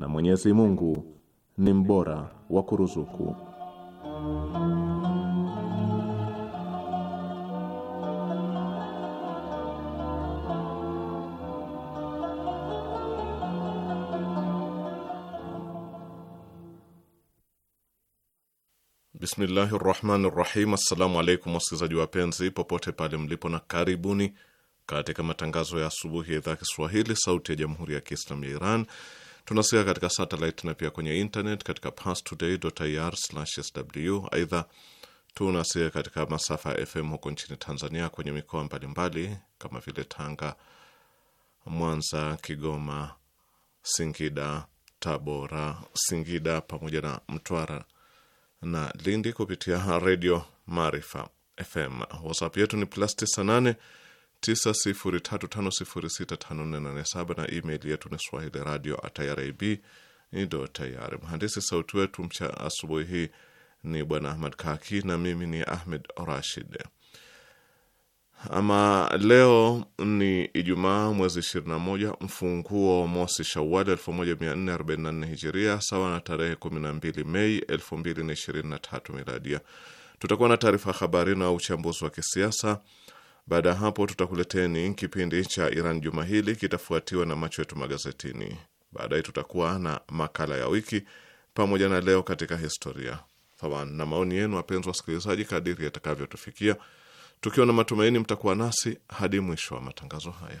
na Mwenyezi Mungu ni mbora wa kuruzuku. Bismillahi rahmani rahim. Assalamu alaikum wasikilizaji wapenzi popote pale mlipo, na karibuni katika matangazo ya asubuhi ya idhaa Kiswahili sauti ya jamhuri ya Kiislamu ya Iran Tunasikia katika satellite na pia kwenye internet katika parstoday.ir/sw. Aidha, tunasikia katika masafa ya FM huko nchini Tanzania kwenye mikoa mbalimbali kama vile Tanga, Mwanza, Kigoma, Singida, Tabora, Singida pamoja na Mtwara na Lindi kupitia Redio Maarifa FM. WhatsApp yetu ni plus 98 9035065487 na email yetu ni swahili radio atirib ndo tayari. Mhandisi sauti wetu mcha asubuhi hii ni bwana Ahmad Kaki na mimi ni Ahmed Rashid. Ama leo ni Ijumaa, mwezi 21 mfunguo mosi Shawal 1444 Hijiria, sawa na tarehe 12 Mei 2023 Miladia. Tutakuwa na taarifa habari na uchambuzi wa kisiasa baada ya hapo, tutakuleteni kipindi cha Iran juma hili, kitafuatiwa na macho yetu magazetini. Baadaye tutakuwa na makala ya wiki pamoja na leo katika historia thawan, na maoni yenu wapenzi wasikilizaji, kadiri yatakavyotufikia, tukiwa na matumaini mtakuwa nasi hadi mwisho wa matangazo haya.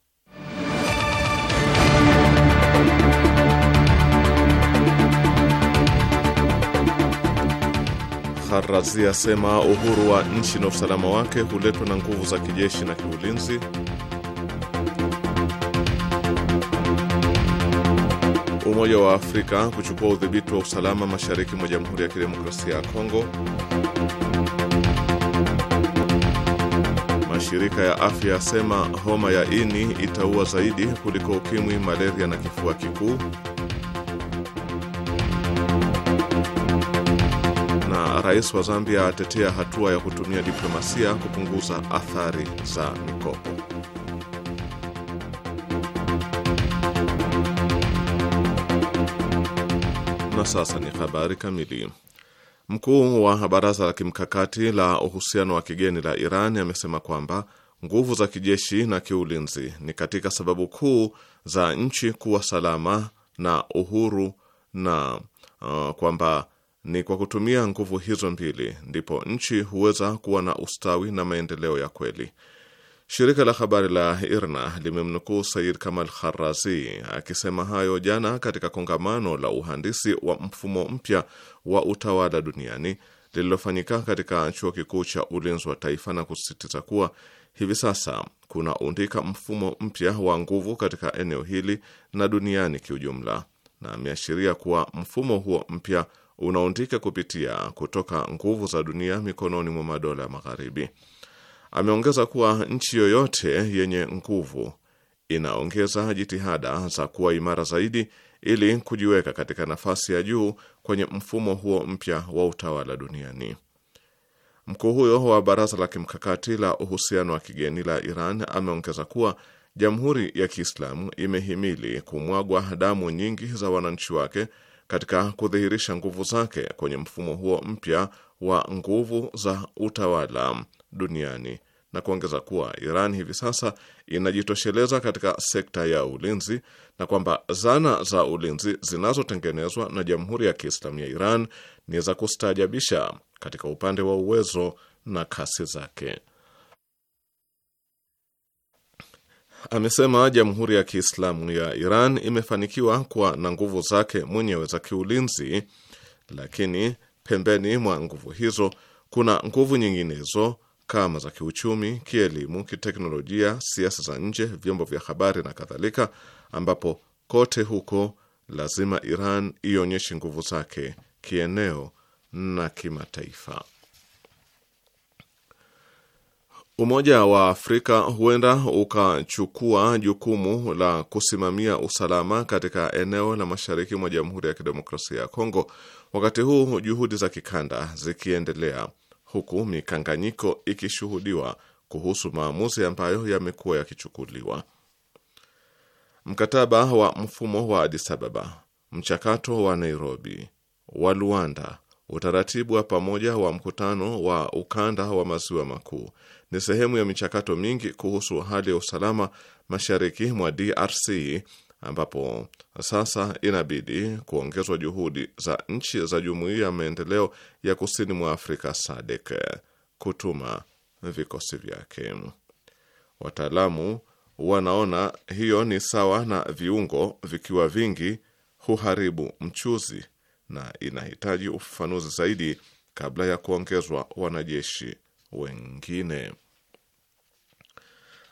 Kharrazi asema uhuru wa nchi na usalama wake huletwa na nguvu za kijeshi na kiulinzi. Umoja wa Afrika kuchukua udhibiti wa usalama mashariki mwa Jamhuri ya Kidemokrasia ya Kongo. Mashirika ya afya yasema homa ya ini itaua zaidi kuliko ukimwi, malaria na kifua kikuu. Rais wa Zambia atetea hatua ya kutumia diplomasia kupunguza athari za mikopo. Na sasa ni habari kamili. Mkuu wa baraza la kimkakati la uhusiano wa kigeni la Iran amesema kwamba nguvu za kijeshi na kiulinzi ni katika sababu kuu za nchi kuwa salama na uhuru na uh, kwamba ni kwa kutumia nguvu hizo mbili ndipo nchi huweza kuwa na ustawi na maendeleo ya kweli. Shirika la habari la IRNA limemnukuu Said Kamal harazi akisema hayo jana katika kongamano la uhandisi wa mfumo mpya wa utawala duniani lililofanyika katika chuo kikuu cha ulinzi wa taifa na kusisitiza kuwa hivi sasa kunaundika mfumo mpya wa nguvu katika eneo hili na duniani kiujumla, na ameashiria kuwa mfumo huo mpya unaundika kupitia kutoka nguvu za dunia mikononi mwa madola ya Magharibi. Ameongeza kuwa nchi yoyote yenye nguvu inaongeza jitihada za kuwa imara zaidi ili kujiweka katika nafasi ya juu kwenye mfumo huo mpya wa utawala duniani. Mkuu huyo wa baraza la kimkakati la uhusiano wa kigeni la Iran ameongeza kuwa Jamhuri ya Kiislamu imehimili kumwagwa damu nyingi za wananchi wake katika kudhihirisha nguvu zake kwenye mfumo huo mpya wa nguvu za utawala duniani na kuongeza kuwa Iran hivi sasa inajitosheleza katika sekta ya ulinzi na kwamba zana za ulinzi zinazotengenezwa na Jamhuri ya Kiislamu ya Iran ni za kustaajabisha katika upande wa uwezo na kasi zake. amesema Jamhuri ya Kiislamu ya Iran imefanikiwa kuwa na nguvu zake mwenyewe za kiulinzi, lakini pembeni mwa nguvu hizo kuna nguvu nyinginezo kama za kiuchumi, kielimu, kiteknolojia, siasa za nje, vyombo vya habari na kadhalika, ambapo kote huko lazima Iran ionyeshe nguvu zake kieneo na kimataifa. Umoja wa Afrika huenda ukachukua jukumu la kusimamia usalama katika eneo la mashariki mwa Jamhuri ya Kidemokrasia ya Kongo, wakati huu juhudi za kikanda zikiendelea, huku mikanganyiko ikishuhudiwa kuhusu maamuzi ambayo yamekuwa yakichukuliwa. Mkataba wa mfumo wa Addis Ababa, mchakato wa Nairobi, wa Luanda, utaratibu wa pamoja wa mkutano wa ukanda wa maziwa makuu ni sehemu ya michakato mingi kuhusu hali ya usalama mashariki mwa DRC ambapo sasa inabidi kuongezwa juhudi za nchi za Jumuiya ya Maendeleo ya Kusini mwa Afrika SADC kutuma vikosi vyake. Wataalamu wanaona hiyo ni sawa na viungo vikiwa vingi huharibu mchuzi na inahitaji ufafanuzi zaidi kabla ya kuongezwa wanajeshi wengine.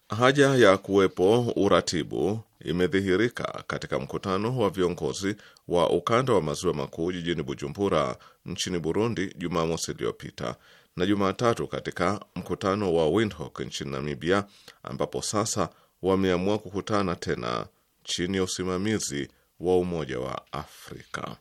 Haja ya kuwepo uratibu imedhihirika katika mkutano wa viongozi wa ukanda wa maziwa makuu jijini Bujumbura nchini Burundi Jumamosi iliyopita na Jumatatu katika mkutano wa Windhoek nchini Namibia, ambapo sasa wameamua kukutana tena chini ya usimamizi wa Umoja wa Afrika.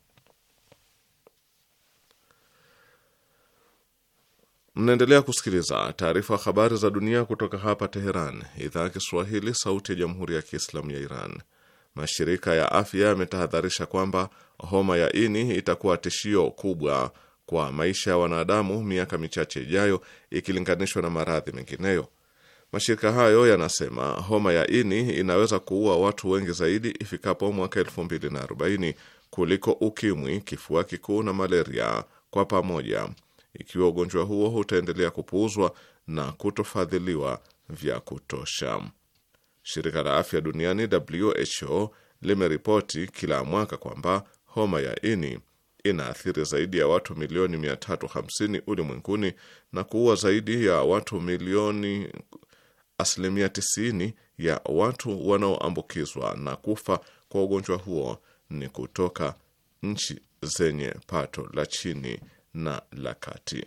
Mnaendelea kusikiliza taarifa ya habari za dunia kutoka hapa Teheran, idhaa ya Kiswahili, sauti ya jamhuri ya kiislamu ya Iran. Mashirika ya afya yametahadharisha kwamba homa ya ini itakuwa tishio kubwa kwa maisha ya wanadamu miaka michache ijayo ikilinganishwa na maradhi mengineyo. Mashirika hayo yanasema homa ya ini inaweza kuua watu wengi zaidi ifikapo mwaka arobaini kuliko ukimwi, kifua kikuu na malaria kwa pamoja ikiwa ugonjwa huo utaendelea kupuuzwa na kutofadhiliwa vya kutosha. Shirika la afya duniani WHO limeripoti kila mwaka kwamba homa ya ini inaathiri zaidi ya watu milioni 350 ulimwenguni na kuua zaidi ya watu milioni asilimia 90 ya watu wanaoambukizwa na kufa kwa ugonjwa huo ni kutoka nchi zenye pato la chini na la kati.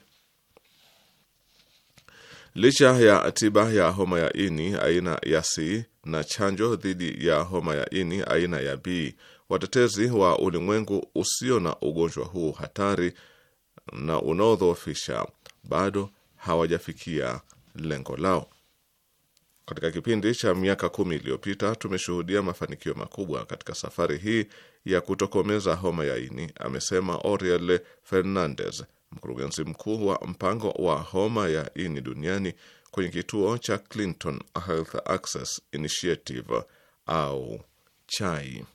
Licha ya tiba ya homa ya ini aina ya C na chanjo dhidi ya homa ya ini aina ya B, watetezi wa ulimwengu usio na ugonjwa huu hatari na unaodhoofisha bado hawajafikia lengo lao. Katika kipindi cha miaka kumi iliyopita tumeshuhudia mafanikio makubwa katika safari hii ya kutokomeza homa ya ini, amesema Oriel Fernandez, mkurugenzi mkuu wa mpango wa homa ya ini duniani kwenye kituo cha Clinton Health Access Initiative au CHAI.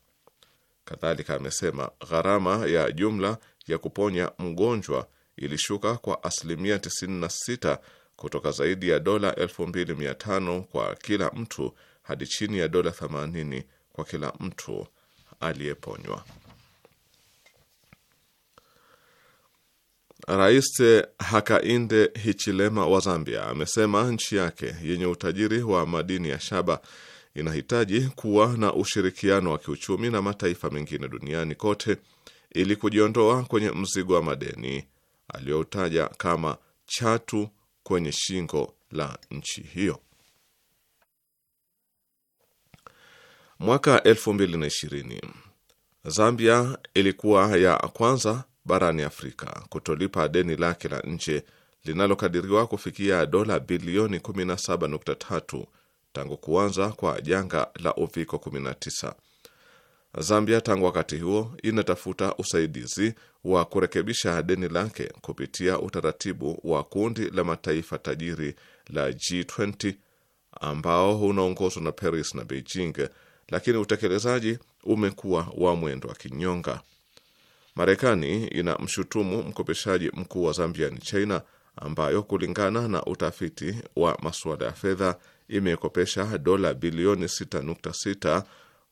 Kadhalika amesema gharama ya jumla ya kuponya mgonjwa ilishuka kwa asilimia 96 kutoka zaidi ya dola 2500 kwa kila mtu hadi chini ya dola 80 kwa kila mtu aliyeponywa. Rais Hakainde Hichilema wa Zambia amesema nchi yake yenye utajiri wa madini ya shaba inahitaji kuwa na ushirikiano wa kiuchumi na mataifa mengine duniani kote ili kujiondoa kwenye mzigo wa madeni aliyotaja kama chatu kwenye shingo la nchi hiyo. Mwaka 2020 Zambia ilikuwa ya kwanza barani Afrika kutolipa deni lake la nje linalokadiriwa kufikia dola bilioni 17.3 tangu kuanza kwa janga la uviko 19 Zambia tangu wakati huo inatafuta usaidizi wa kurekebisha deni lake kupitia utaratibu wa kundi la mataifa tajiri la G20 ambao unaongozwa na Paris na Beijing, lakini utekelezaji umekuwa wa mwendo wa kinyonga. Marekani ina mshutumu mkopeshaji mkuu wa Zambia ni China, ambayo kulingana na utafiti wa masuala ya fedha imeikopesha dola bilioni 6.6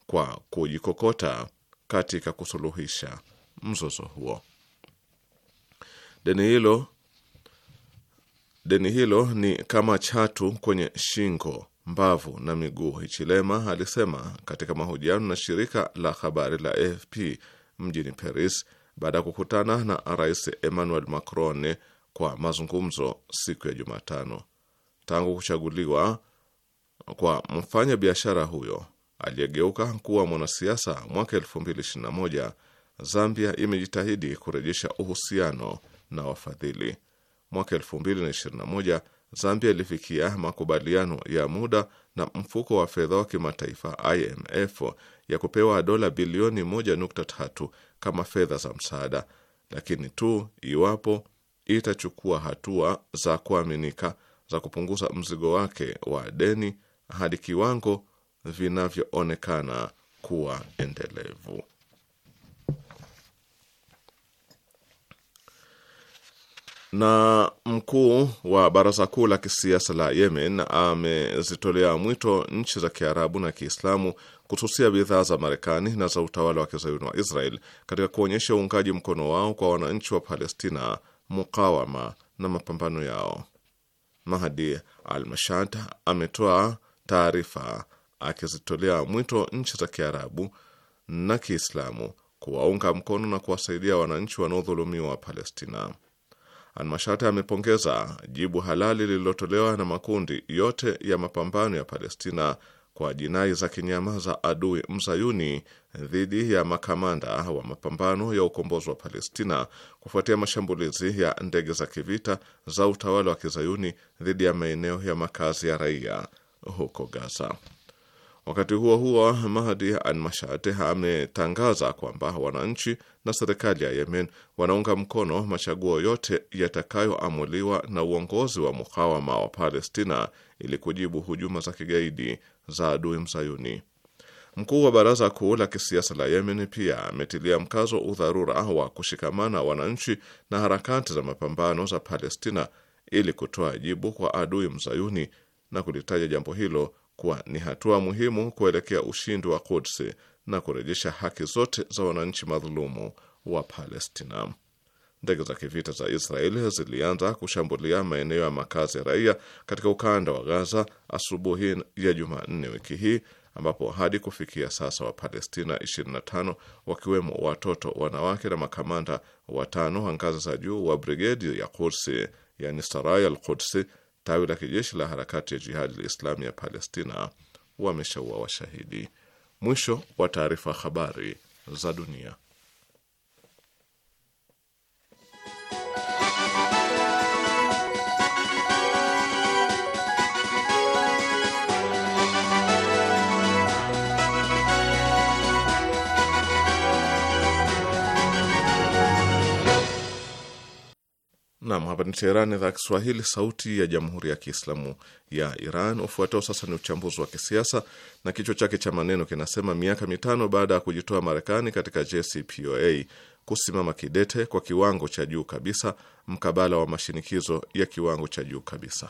kwa kujikokota katika kusuluhisha mzozo huo. Deni hilo deni hilo ni kama chatu kwenye shingo, mbavu na miguu, Hichilema alisema katika mahojiano na shirika la habari la AFP mjini Paris baada ya kukutana na Rais Emmanuel Macron kwa mazungumzo siku ya Jumatano. Tangu kuchaguliwa kwa mfanya biashara huyo aliyegeuka kuwa mwanasiasa mwaka 2021, Zambia imejitahidi kurejesha uhusiano na wafadhili. Mwaka 2021 Zambia ilifikia makubaliano ya muda na mfuko wa fedha wa kimataifa IMF ya kupewa dola bilioni 1.3 kama fedha za msaada, lakini tu iwapo itachukua hatua za kuaminika za kupunguza mzigo wake wa deni hadi kiwango vinavyoonekana kuwa endelevu. Na mkuu wa baraza kuu la kisiasa la Yemen amezitolea mwito nchi za Kiarabu na Kiislamu kususia bidhaa za Marekani na za utawala wa kizayuni wa Israel katika kuonyesha uungaji mkono wao kwa wananchi wa Palestina, mukawama na mapambano yao. Mahdi Al ametoa taarifa akizitolea mwito nchi za Kiarabu na Kiislamu kuwaunga mkono na kuwasaidia wananchi wanaodhulumiwa wa Palestina. almashate amepongeza jibu halali lililotolewa na makundi yote ya mapambano ya Palestina kwa jinai za kinyama za adui mzayuni dhidi ya makamanda wa mapambano ya ukombozi wa Palestina kufuatia mashambulizi ya ndege za kivita za utawala wa kizayuni dhidi ya maeneo ya makazi ya raia huko Gaza. Wakati huo huo, Mahdi al ametangaza kwamba wananchi na serikali ya Yemen wanaunga mkono machaguo yote yatakayoamuliwa na uongozi wa mukawama wa Palestina ili kujibu hujuma za kigaidi za adui mzayuni. Mkuu wa baraza kuu la kisiasa la Yemen pia ametilia mkazo udharura wa kushikamana wananchi na harakati za mapambano za Palestina ili kutoa jibu kwa adui mzayuni na kulitaja jambo hilo kuwa ni hatua muhimu kuelekea ushindi wa Kudsi na kurejesha haki zote za wananchi madhulumu wa Palestina. Ndege za kivita za Israeli zilianza kushambulia maeneo ya makazi ya raia katika ukanda wa Gaza asubuhi ya Jumanne wiki hii ambapo hadi kufikia sasa Wapalestina 25 wakiwemo watoto, wanawake na makamanda watano wa ngazi za juu wa brigedi ya Kudsi, yani sarayal al Kudsi tawi la kijeshi la harakati ya Jihadi la Islami ya Palestina wameshaua washahidi. Mwisho wa taarifa. Habari za dunia. Nam, hapa ni Teheran, idhaa ya Kiswahili, sauti ya jamhuri ya kiislamu ya Iran. Ufuatao sasa ni uchambuzi wa kisiasa na kichwa chake cha maneno kinasema: miaka mitano baada ya kujitoa Marekani katika JCPOA, kusimama kidete kwa kiwango cha juu kabisa mkabala wa mashinikizo ya kiwango cha juu kabisa.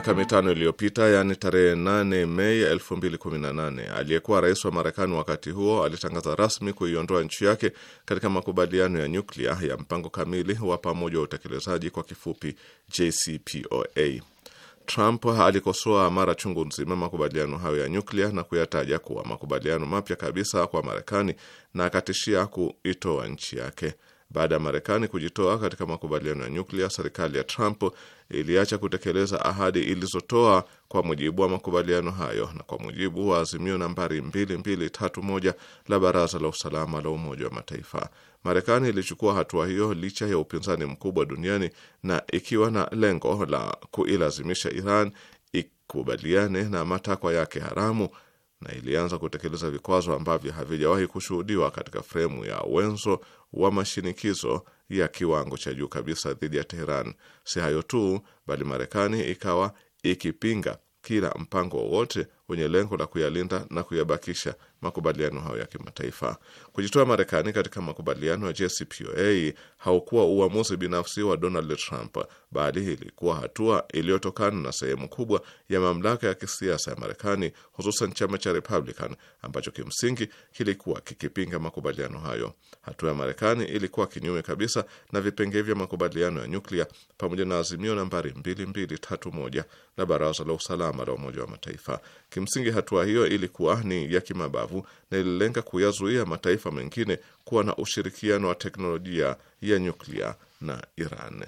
miaka mitano iliyopita, yaani tarehe 8 Mei 2018, aliyekuwa rais wa Marekani wakati huo alitangaza rasmi kuiondoa nchi yake katika makubaliano ya nyuklia ya mpango kamili wa pamoja wa utekelezaji, kwa kifupi JCPOA. Trump alikosoa mara chungu nzima makubaliano hayo ya nyuklia na kuyataja kuwa makubaliano mapya kabisa kwa Marekani na akatishia kuitoa nchi yake. Baada ya Marekani kujitoa katika makubaliano ya nyuklia, serikali ya Trump iliacha kutekeleza ahadi ilizotoa kwa mujibu wa makubaliano hayo na kwa mujibu wa azimio nambari 2231 la Baraza la Usalama la Umoja wa Mataifa. Marekani ilichukua hatua hiyo licha ya upinzani mkubwa duniani na ikiwa na lengo la kuilazimisha Iran ikubaliane na matakwa yake haramu na ilianza kutekeleza vikwazo ambavyo havijawahi kushuhudiwa katika fremu ya wenzo wa mashinikizo ya kiwango cha juu kabisa dhidi ya Teheran. Si hayo tu, bali Marekani ikawa ikipinga kila mpango wowote wenye lengo la kuyalinda na kuyabakisha makubaliano hayo ya kimataifa. Kujitoa Marekani katika makubaliano ya JCPOA haukuwa uamuzi binafsi wa Donald Trump, bali ilikuwa hatua iliyotokana na sehemu kubwa ya mamlaka ya kisiasa ya Marekani, hususan chama cha Republican ambacho kimsingi kilikuwa kikipinga makubaliano hayo. Hatua ya Marekani ilikuwa kinyume kabisa na vipengee vya makubaliano ya nyuklia pamoja na azimio nambari 2231 la Baraza la Usalama la Umoja wa Mataifa. Kimsingi hatua hiyo ilikuwa ni ya kimabavu Kiarabu na ililenga kuyazuia mataifa mengine kuwa na ushirikiano wa teknolojia ya nyuklia na Iran.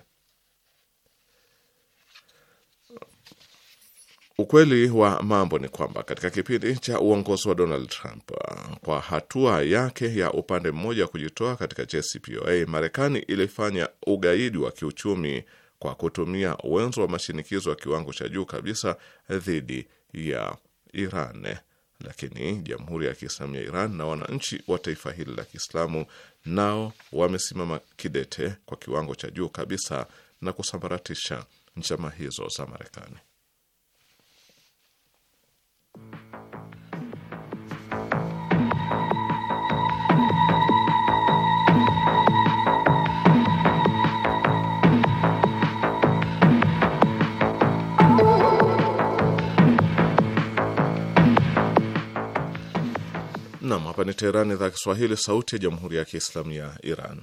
Ukweli wa mambo ni kwamba katika kipindi cha uongozi wa Donald Trump, kwa hatua yake ya upande mmoja kujitoa katika JCPOA, Marekani ilifanya ugaidi wa kiuchumi kwa kutumia wenzo wa mashinikizo ya kiwango cha juu kabisa dhidi ya Iran lakini Jamhuri ya Kiislamu ya Iran na wananchi wa taifa hili la Kiislamu nao wamesimama kidete kwa kiwango cha juu kabisa na kusambaratisha njama hizo za Marekani. Nam, hapa ni Teherani, idhaa ya Kiswahili, sauti ya jamhuri ya kiislamu ya Iran.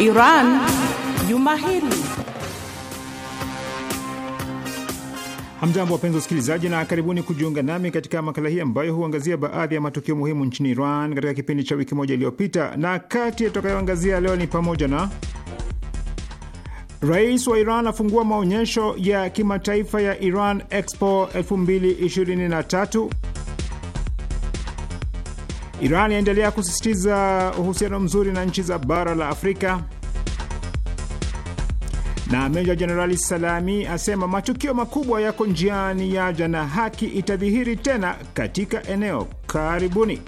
Iran Juma Hili. Hamjambo, wapenzi wasikilizaji, na karibuni kujiunga nami katika makala hii ambayo huangazia baadhi ya matukio muhimu nchini Iran katika kipindi cha wiki moja iliyopita, na kati yatakayoangazia leo ni pamoja na Rais wa Iran afungua maonyesho ya kimataifa ya Iran Expo 2023. Iran yaendelea kusisitiza uhusiano mzuri na nchi za bara la Afrika. Na Meja Jenerali Salami asema matukio makubwa yako njiani yaja na haki itadhihiri tena katika eneo karibuni.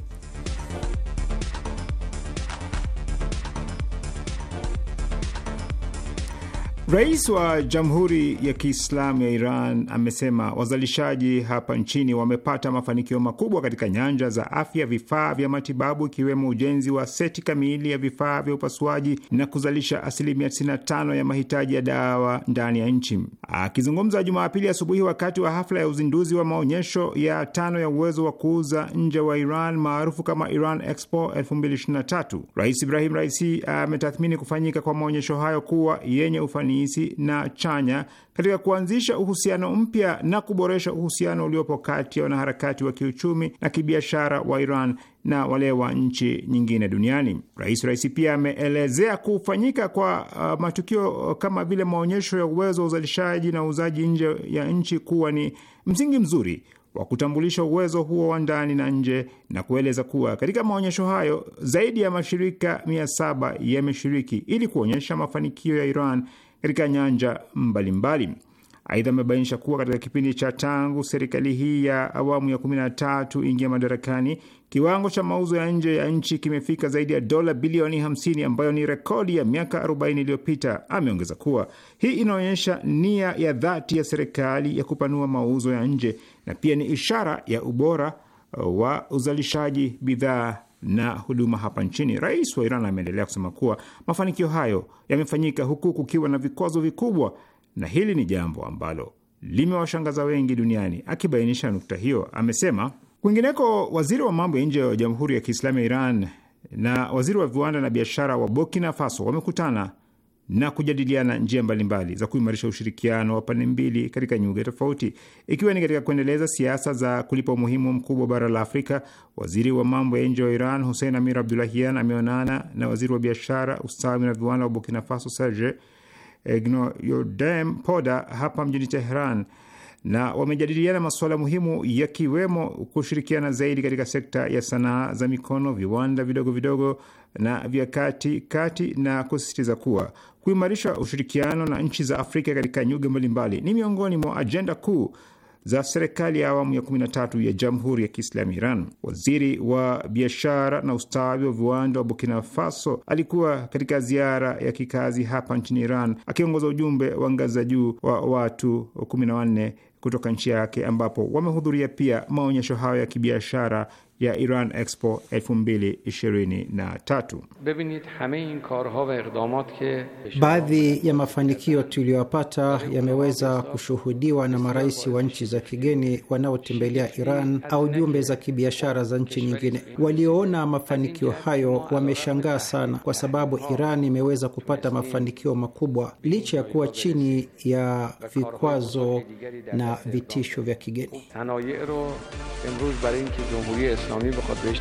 Rais wa Jamhuri ya Kiislamu ya Iran amesema wazalishaji hapa nchini wamepata mafanikio makubwa katika nyanja za afya, vifaa vya matibabu, ikiwemo ujenzi wa seti kamili ya vifaa vya upasuaji na kuzalisha asilimia 95 ya mahitaji ya dawa ndani ya nchi. Akizungumza Jumapili asubuhi wakati wa hafla ya uzinduzi wa maonyesho ya tano ya uwezo wa kuuza nje wa Iran maarufu kama Iran Expo 2023, Rais Ibrahim Raisi ametathmini kufanyika kwa maonyesho hayo kuwa yenye ufani ufanisi na chanya katika kuanzisha uhusiano mpya na kuboresha uhusiano uliopo kati ya wanaharakati wa kiuchumi na kibiashara wa Iran na wale wa nchi nyingine duniani. Rais Raisi pia ameelezea kufanyika kwa uh, matukio kama vile maonyesho ya uwezo wa uzalishaji na uuzaji nje ya nchi kuwa ni msingi mzuri wa kutambulisha uwezo huo wa ndani na nje, na kueleza kuwa katika maonyesho hayo zaidi ya mashirika mia saba yameshiriki ili kuonyesha mafanikio ya Iran katika nyanja mbalimbali. Aidha, amebainisha kuwa katika kipindi cha tangu serikali hii ya awamu ya 13 ingia madarakani, kiwango cha mauzo ya nje ya nchi kimefika zaidi ya dola bilioni 50 ambayo ni rekodi ya miaka 40 iliyopita. Ameongeza kuwa hii inaonyesha nia ya dhati ya serikali ya kupanua mauzo ya nje na pia ni ishara ya ubora wa uzalishaji bidhaa na huduma hapa nchini. Rais wa Iran ameendelea kusema kuwa mafanikio hayo yamefanyika huku kukiwa na vikwazo vikubwa, na hili ni jambo ambalo limewashangaza wengi duniani. Akibainisha nukta hiyo, amesema kwingineko, waziri wa mambo ya nje wa Jamhuri ya Kiislamu ya Iran na waziri wa viwanda na biashara wa Burkina Faso wamekutana na kujadiliana njia mbalimbali za kuimarisha ushirikiano wa pande mbili katika nyuga tofauti, ikiwa ni katika kuendeleza siasa za kulipa umuhimu mkubwa bara la Afrika. Waziri wa mambo ya nje wa Iran Hussein Amir Abdulahian ameonana na waziri wa biashara, ustawi na viwanda wa Burkina Faso Serge Gnoyodem Poda hapa mjini Teheran, na wamejadiliana masuala muhimu yakiwemo kushirikiana zaidi katika sekta ya sanaa za mikono, viwanda vidogo vidogo na vya kati kati na kusisitiza kuwa kuimarisha ushirikiano na nchi za Afrika katika nyuga mbalimbali ni miongoni mwa ajenda kuu za serikali ya awamu ya 13 ya Jamhuri ya Kiislamu Iran. Waziri wa biashara na ustawi wa viwanda wa Burkina Faso alikuwa katika ziara ya kikazi hapa nchini Iran akiongoza ujumbe wa ngazi za juu wa watu 14 kutoka nchi yake ambapo wamehudhuria pia maonyesho hayo ya kibiashara ya Iran Expo 2023. Baadhi ya mafanikio tuliyoyapata yameweza kushuhudiwa na marais wa nchi za kigeni wanaotembelea Iran au jumbe za kibiashara za nchi nyingine. Walioona mafanikio hayo wameshangaa sana, kwa sababu Iran imeweza kupata mafanikio makubwa licha ya kuwa chini ya vikwazo na vitisho vya kigeni. اسلامی بخواد بهش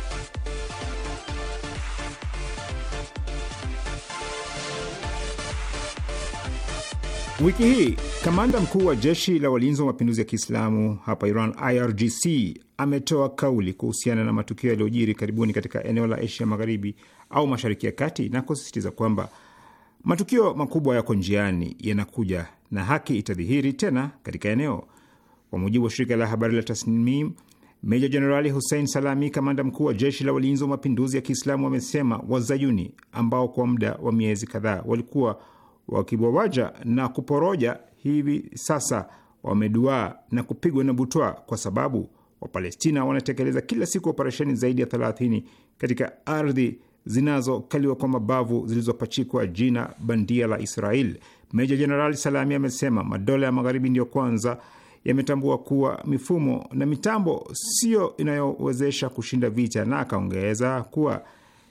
Wiki hii kamanda mkuu wa jeshi la walinzi wa mapinduzi ya Kiislamu hapa Iran, IRGC, ametoa kauli kuhusiana na matukio yaliyojiri karibuni katika eneo la Asia Magharibi au Mashariki ya Kati na kusisitiza kwamba matukio makubwa yako njiani, yanakuja na haki itadhihiri tena katika eneo. Kwa mujibu wa shirika la habari la Tasnim, Meja Jenerali Hussein Salami, kamanda mkuu wa jeshi la walinzi wa mapinduzi ya Kiislamu, wamesema Wazayuni ambao kwa muda wa miezi kadhaa walikuwa wakibowaja na kuporoja, hivi sasa wameduaa na kupigwa na butwa, kwa sababu Wapalestina wanatekeleza kila siku operesheni zaidi ya 30 katika ardhi zinazokaliwa kwa mabavu zilizopachikwa jina bandia la Israel. Meja Jenerali Salami amesema madola ya magharibi ndiyo kwanza yametambua kuwa mifumo na mitambo siyo inayowezesha kushinda vita, na akaongeza kuwa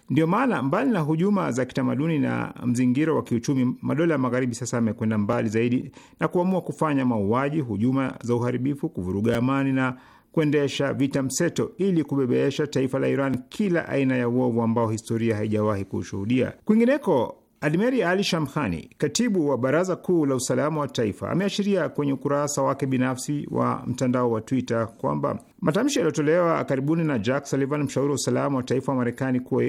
ndio maana mbali na hujuma za kitamaduni na mzingiro wa kiuchumi, madola ya magharibi sasa yamekwenda mbali zaidi na kuamua kufanya mauaji, hujuma za uharibifu, kuvuruga amani na kuendesha vita mseto ili kubebeesha taifa la Iran kila aina ya uovu ambao historia haijawahi kushuhudia. Kwingineko, admeri Ali Shamkhani, katibu wa Baraza Kuu la Usalama wa Taifa, ameashiria kwenye ukurasa wake binafsi wa mtandao wa Twitter kwamba matamshi yaliyotolewa karibuni na Jack Sullivan, mshauri wa usalama wa taifa wa Marekani, kuwa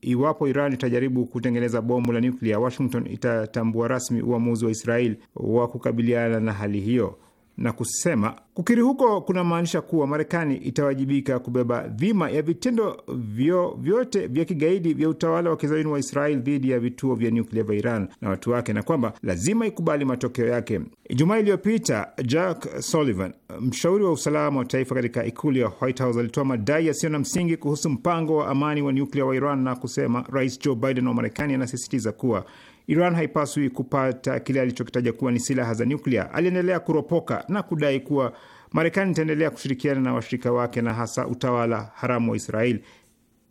iwapo Iran itajaribu kutengeneza bomu la nyuklia, Washington itatambua rasmi uamuzi wa Israel wa kukabiliana na hali hiyo na kusema kukiri huko kuna maanisha kuwa Marekani itawajibika kubeba dhima ya vitendo vyovyote vya kigaidi vya utawala wa kizayuni wa israel dhidi ya vituo vya nyuklia vya Iran na watu wake na kwamba lazima ikubali matokeo yake. Ijumaa iliyopita Jack Sullivan, mshauri wa usalama wa taifa katika ikulu ya White House, alitoa madai yasiyo na msingi kuhusu mpango wa amani wa nyuklia wa Iran na kusema Rais Joe Biden wa Marekani anasisitiza kuwa Iran haipaswi kupata kile alichokitaja kuwa ni silaha za nyuklia. Aliendelea kuropoka na kudai kuwa Marekani itaendelea kushirikiana na washirika wake na hasa utawala haramu wa Israeli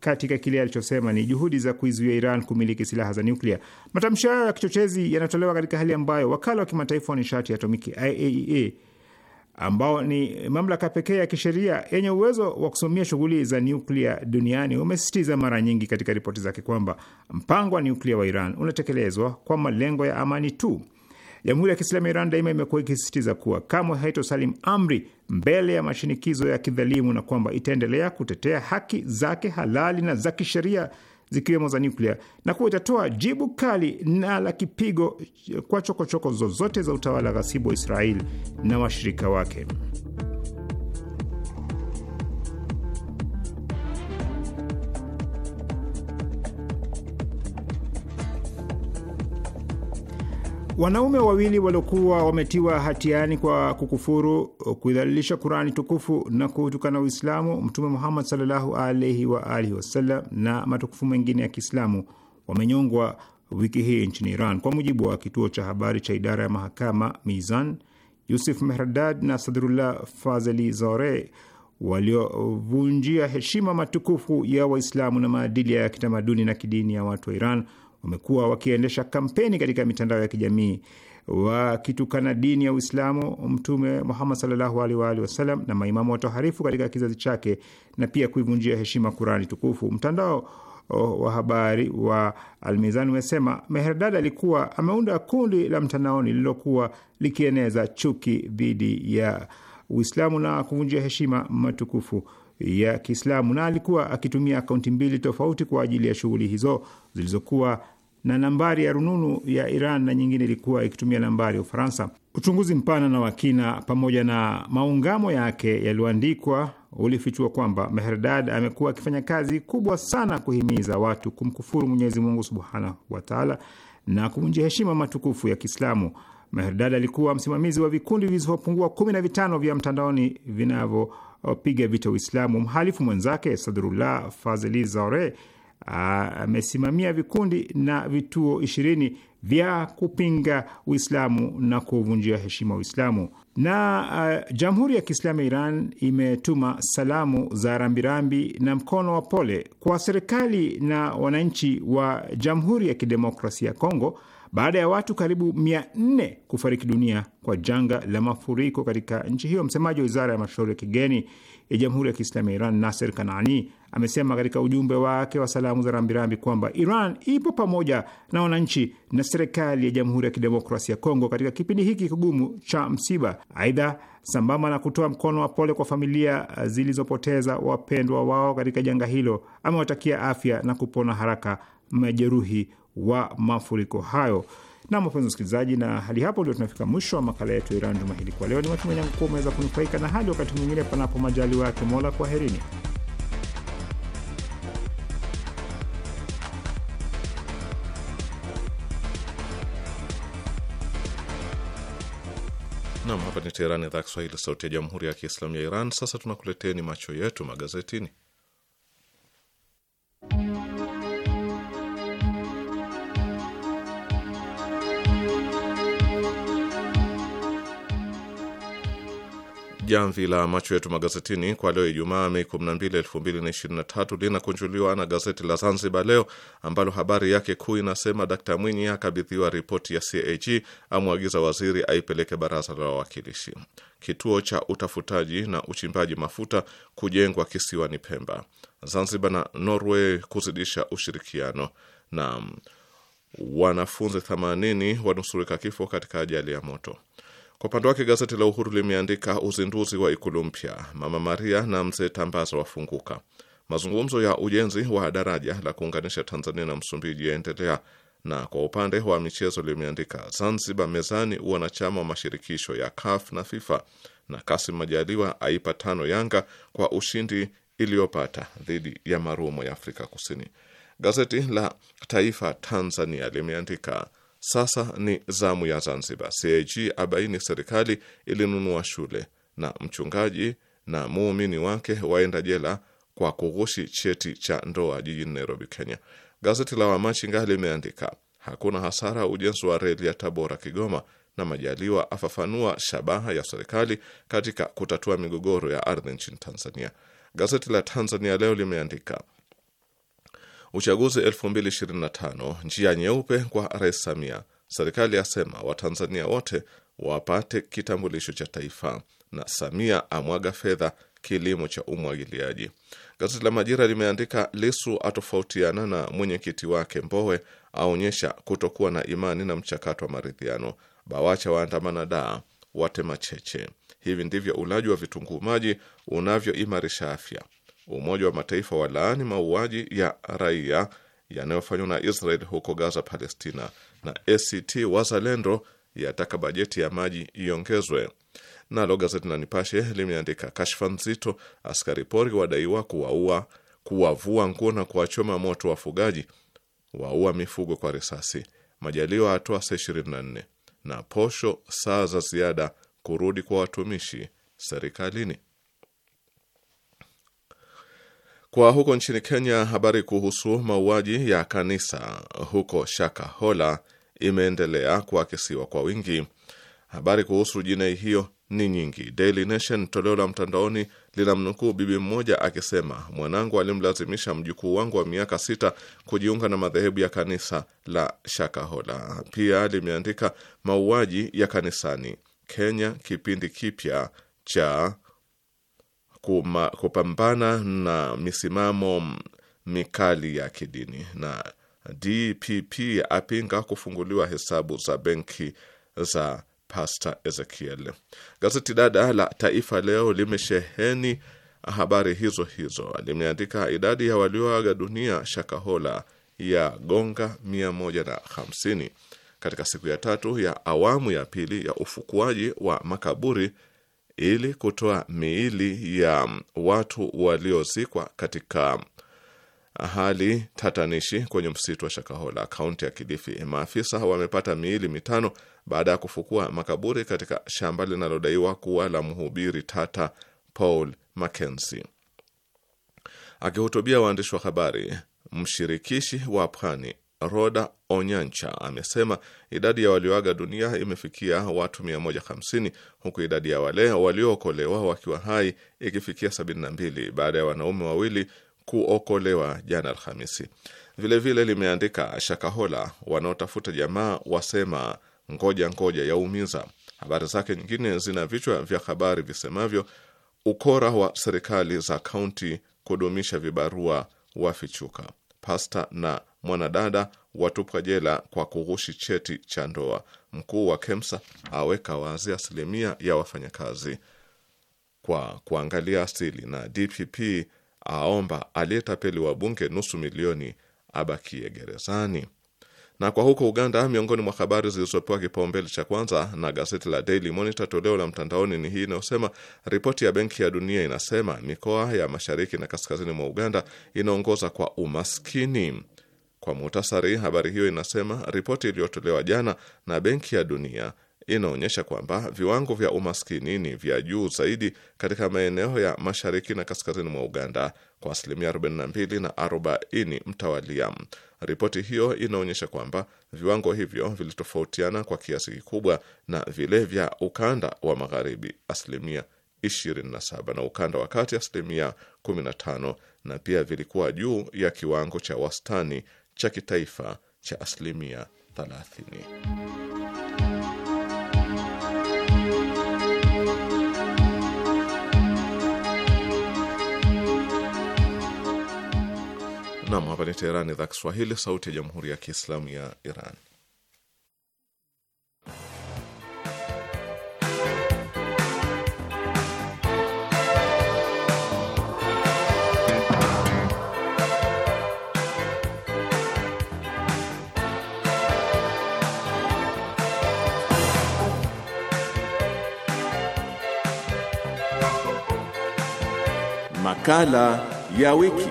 katika kile alichosema ni juhudi za kuizuia Iran kumiliki silaha za nyuklia. Matamshi hayo ya kichochezi yanatolewa katika hali ambayo wakala wa kimataifa wa nishati ya atomiki IAEA e ambao ni mamlaka pekee ya kisheria yenye uwezo wa kusimamia shughuli za nyuklia duniani umesisitiza mara nyingi katika ripoti zake kwamba mpango wa nyuklia wa Iran unatekelezwa kwa malengo ya amani tu. Jamhuri ya Kiislamu ya Iran daima imekuwa ikisisitiza kuwa kamwe haitosalim amri mbele ya mashinikizo ya kidhalimu na kwamba itaendelea kutetea haki zake halali na za kisheria zikiwemo za nyuklia na kuwa itatoa jibu kali na la kipigo kwa chokochoko zozote za utawala ghasibu wa Israeli na washirika wake. Wanaume wawili waliokuwa wametiwa hatiani kwa kukufuru, kuidhalilisha Kurani tukufu na kutukana Uislamu, Mtume Muhammad sallallahu alaihi wa alihi wasallam na matukufu mengine ya Kiislamu wamenyongwa wiki hii nchini Iran. Kwa mujibu wa kituo cha habari cha idara ya mahakama Mizan, Yusuf Mehrdad na Sadrullah Fazeli Zore waliovunjia heshima matukufu ya Waislamu na maadili ya kitamaduni na kidini ya watu wa Iran wamekuwa wakiendesha kampeni katika mitandao ya kijamii wakitukana dini ya Uislamu, Mtume Muhammad sallallahu alaihi wa alihi wasallam na maimamu watoharifu katika kizazi chake na pia kuivunjia heshima Kurani tukufu. Mtandao Oh, wa habari wa Almizani umesema Meherdad alikuwa ameunda kundi la mtandaoni lililokuwa likieneza chuki dhidi ya Uislamu na kuvunjia heshima matukufu ya Kiislamu, na alikuwa akitumia akaunti mbili tofauti kwa ajili ya shughuli hizo zilizokuwa na nambari ya rununu ya Iran na nyingine ilikuwa ikitumia nambari ya Ufaransa. Uchunguzi mpana na wakina pamoja na maungamo yake yaliyoandikwa ulifichua kwamba mehrdad amekuwa akifanya kazi kubwa sana kuhimiza watu kumkufuru Mwenyezi Mungu subhanahu wataala na kuvunjia heshima matukufu ya Kiislamu. Mehrdad alikuwa msimamizi wa vikundi vilivyopungua kumi na vitano vya mtandaoni vinavyopiga vita Uislamu. Mhalifu mwenzake Sadrullah Fazeli Zaure amesimamia vikundi na vituo ishirini vya kupinga Uislamu na kuvunjia heshima Uislamu. Na uh, Jamhuri ya Kiislamu ya Iran imetuma salamu za rambirambi na mkono wa pole kwa serikali na wananchi wa Jamhuri ya Kidemokrasia ya Kongo baada ya watu karibu mia nne kufariki dunia kwa janga la mafuriko katika nchi hiyo. Msemaji wa wizara ya mashauri ya kigeni ya Jamhuri ya Kiislamu ya Iran Nasser Kanani amesema katika ujumbe wake wa salamu za rambirambi kwamba Iran ipo pamoja na wananchi na serikali ya Jamhuri ya Kidemokrasia ya Kongo katika kipindi hiki kigumu cha msiba. Aidha, sambamba na kutoa mkono wa pole kwa familia zilizopoteza wapendwa wao katika janga hilo, amewatakia afya na kupona haraka majeruhi wa mafuriko hayo. Na mapenzi msikilizaji, na hadi hapo ndio tunafika mwisho wa makala yetu ya Iran juma hili kwa leo. Ni matumaini yangu kuwa umeweza kunufaika, na hadi wakati mwingine, panapo majaliwa yake Mola, kwaherini. Nam, hapa ni Teherani, idhaa Kiswahili, sauti ya jamhuri ya kiislamu ya Iran. Sasa tunakuleteni macho yetu magazetini. jamvi la macho yetu magazetini kwa leo Ijumaa, Mei 12, 2023 linakunjuliwa na gazeti la Zanzibar Leo ambalo habari yake kuu inasema Dkt Mwinyi akabidhiwa ripoti ya CAG, amwagiza waziri aipeleke baraza la wawakilishi. Kituo cha utafutaji na uchimbaji mafuta kujengwa kisiwani Pemba. Zanzibar na Norway kuzidisha ushirikiano na wanafunzi 80 wanusurika kifo katika ajali ya moto. Kwa upande wake gazeti la Uhuru limeandika uzinduzi wa ikulu mpya, Mama Maria na Mzee tambaza wafunguka. Mazungumzo ya ujenzi wa daraja la kuunganisha Tanzania na Msumbiji yaendelea. Na kwa upande wa michezo limeandika Zanzibar mezani wanachama wa mashirikisho ya CAF na FIFA, na Kasim Majaliwa aipa tano Yanga kwa ushindi iliyopata dhidi ya Marumo ya Afrika Kusini. Gazeti la Taifa Tanzania limeandika sasa ni zamu ya Zanzibar. CAG abaini serikali ilinunua shule, na mchungaji na muumini wake waenda jela kwa kughushi cheti cha ndoa jijini Nairobi, Kenya. Gazeti la Wamachinga limeandika hakuna hasara ujenzi wa reli ya Tabora Kigoma, na Majaliwa afafanua shabaha ya serikali katika kutatua migogoro ya ardhi nchini Tanzania. Gazeti la Tanzania Leo limeandika Uchaguzi 2025 njia nyeupe kwa Rais Samia. Serikali asema Watanzania wote wapate kitambulisho cha taifa, na Samia amwaga fedha kilimo cha umwagiliaji. Gazeti la Majira limeandika Lisu atofautiana na mwenyekiti wake Mbowe, aonyesha kutokuwa na imani na mchakato wa maridhiano. Bawacha waandamana daa watemacheche. Hivi ndivyo ulaji wa vitunguu maji unavyoimarisha afya. Umoja wa Mataifa walaani mauaji ya raia yanayofanywa na Israel huko Gaza, Palestina, na ACT Wazalendo yataka bajeti ya maji iongezwe. Nalo gazeti la Nipashe limeandika kashfa nzito, askari pori wadaiwa kuwaua, kuwavua nguo na kuwachoma moto wafugaji, waua mifugo kwa risasi. Majaliwa atoa saa 24 na posho saa za ziada kurudi kwa watumishi serikalini. Kwa huko nchini Kenya, habari kuhusu mauaji ya kanisa huko Shakahola imeendelea kuakisiwa kwa wingi. Habari kuhusu jinai hiyo ni nyingi. Daily Nation toleo la mtandaoni linamnukuu bibi mmoja akisema, mwanangu alimlazimisha mjukuu wangu wa miaka sita kujiunga na madhehebu ya kanisa la Shakahola. Pia limeandika mauaji ya kanisani Kenya, kipindi kipya cha kuma, kupambana na misimamo mikali ya kidini na DPP apinga kufunguliwa hesabu za benki za Pastor Ezekiel. Gazeti dada la Taifa Leo limesheheni habari hizo hizo, limeandika idadi ya walioaga dunia Shakahola ya gonga 150 katika siku ya tatu ya awamu ya pili ya ufukuaji wa makaburi ili kutoa miili ya watu waliozikwa katika hali tatanishi kwenye msitu wa Shakahola, kaunti ya Kilifi. Maafisa wamepata miili mitano baada ya kufukua makaburi katika shamba linalodaiwa kuwa la mhubiri tata Paul Mackenzie. Akihutubia waandishi wa habari, mshirikishi wa pwani Roda Onyancha amesema idadi ya walioaga dunia imefikia watu 150 huku idadi ya wale waliookolewa wakiwa hai ikifikia 72 baada ya wanaume wawili kuokolewa jana Alhamisi. Vilevile limeandika Shakahola wanaotafuta jamaa wasema ngoja ngoja yaumiza. Habari zake nyingine zina vichwa vya habari visemavyo ukora wa serikali za kaunti kudumisha vibarua wafichuka, pasta na mwanadada watupwa jela kwa kughushi cheti cha ndoa. Mkuu wa KEMSA aweka wazi asilimia ya wafanyakazi kwa kuangalia asili, na DPP aomba aliyetapeli wabunge nusu milioni abakie gerezani. Na kwa huko Uganda, miongoni mwa habari zilizopewa kipaumbele cha kwanza na gazeti la Daily Monitor toleo la mtandaoni ni hii inayosema ripoti ya Benki ya Dunia inasema mikoa ya mashariki na kaskazini mwa Uganda inaongoza kwa umaskini. Kwa muhtasari, habari hiyo inasema ripoti iliyotolewa jana na Benki ya Dunia inaonyesha kwamba viwango vya umaskini ni vya juu zaidi katika maeneo ya mashariki na kaskazini mwa Uganda kwa asilimia 42 na 40 mtawalia. Ripoti hiyo inaonyesha kwamba viwango hivyo vilitofautiana kwa kiasi kikubwa na vile vya ukanda wa magharibi asilimia 27 na ukanda wa kati asilimia 15, na pia vilikuwa juu ya kiwango cha wastani cha kitaifa cha asilimia 30. Nam, hapa ni Teherani, idhaa Kiswahili, sauti ya jamhuri ya kiislamu ya Iran. Makala ya wiki.